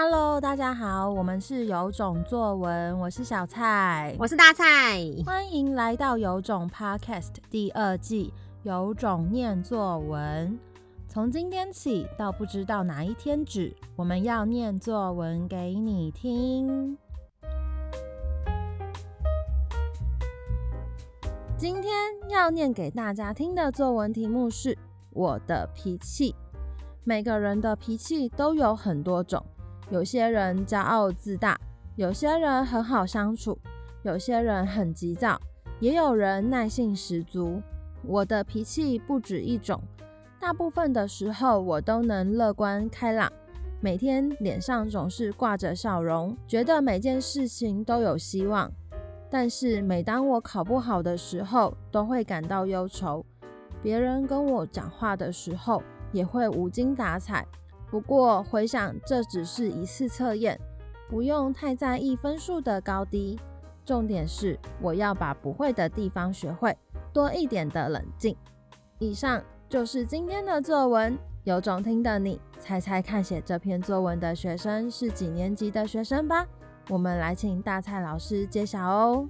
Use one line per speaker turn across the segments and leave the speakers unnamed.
Hello，大家好，我們是有種作文，我是小蔡，我是大蔡，歡迎來到有種 Podcast 第二季，有種念作文。從今天起到不知道哪一天止，我們要念作文給你聽。今天要念給大家聽的作文題目是《我的脾氣》。每個人的脾氣都有很多種。有些人驕傲自大，有些人很好相處，有些人很急躁，也有人耐性十足。我的脾氣不止一種，大部分的時候我都能樂觀開朗，每天臉上總是掛着笑容，覺得每件事情都有希望。但是每當我考不好的時候，都會感到憂愁，別人跟我講話的時候，也會無精打采。不過回想，這只是一次測驗，不用太在意分數的高低。重點是，我要把不會的地方學會，多一點的冷靜。以上就是今天的作文，有種聽的你猜猜看，寫這篇作文的學生是幾年級的學生吧？我們來請大蔡老師揭曉哦。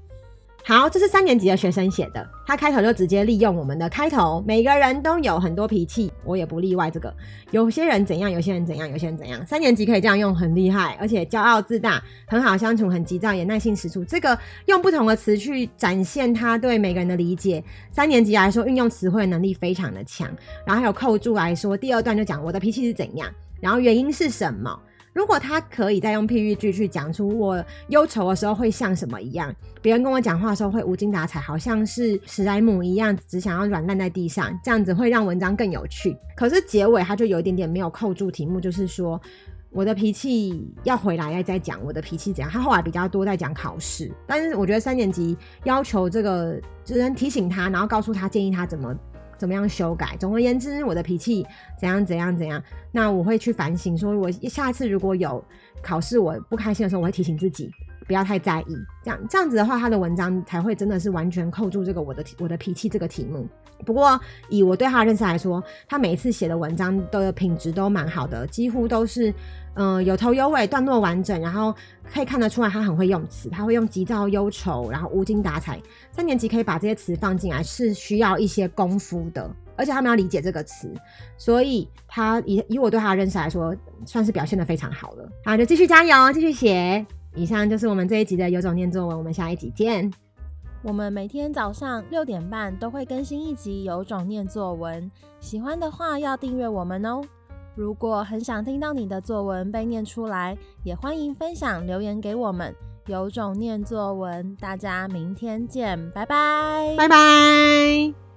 好，這是三年級的學生寫的，他開頭就直接利用我們的開頭。每個人都有很多脾氣，我也不例外。這個有些人怎樣，有些人怎樣，有些人怎樣。三年級可以這樣用，很厲害，而且驕傲自大，很好相處，很急躁，也耐性十足。這個用不同的詞去展現他對每個人的理解。三年級來說，運用詞彙的能力非常的強。然後還有扣住來說，第二段就講我的脾氣是怎樣，然後原因是什麼。如果他可以再用譬喻句去講出我憂愁的時候會像什麼一樣，別人跟我講話的時候會無精打采，好像是史萊姆一樣，只想要軟爛在地上，這樣子會讓文章更有趣。可是結尾他就有一點點沒有扣住題目，就是說我的脾氣要回來要再，再講我的脾氣怎樣。他後來比較多在講考試，但是我覺得三年級要求這個只能提醒他，然後告訴他建議他怎麼。怎麼樣修改？總而言之，我的脾氣怎樣怎樣怎樣？那我會去反省，說我下次如果有考試我不開心的時候，我會提醒自己。不要太在意，這樣這樣子的話，他的文章才會真的是完全扣住這個我的我的脾氣這個題目。不過以我對他的認識來說，他每一次寫的文章都有品質都蠻好的，幾乎都是嗯、呃、有頭有尾，段落完整，然後可以看得出來他很會用詞，他會用急躁、憂愁，然後無精打采。三年級可以把這些詞放進來是需要一些功夫的，而且他們要理解這個詞，所以他以以我對他的認識來說，算是表現得非常好了。好，就繼續加油，繼續寫。以上就是我們這一集的有種念作文，我們下一集見。
我們每天早上六點半都會更新一集有種念作文，喜歡的話要訂閱我們哦、喔。如果很想聽到你的作文被念出來，也歡迎分享留言給我們。有種念作文，大家明天見，拜拜，拜拜。